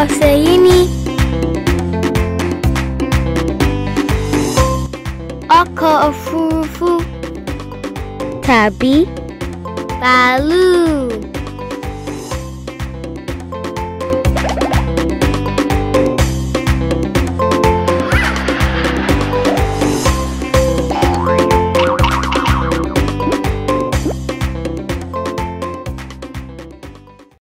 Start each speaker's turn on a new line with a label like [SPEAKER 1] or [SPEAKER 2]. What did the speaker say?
[SPEAKER 1] puasa ini. Aku fufu, tapi balu.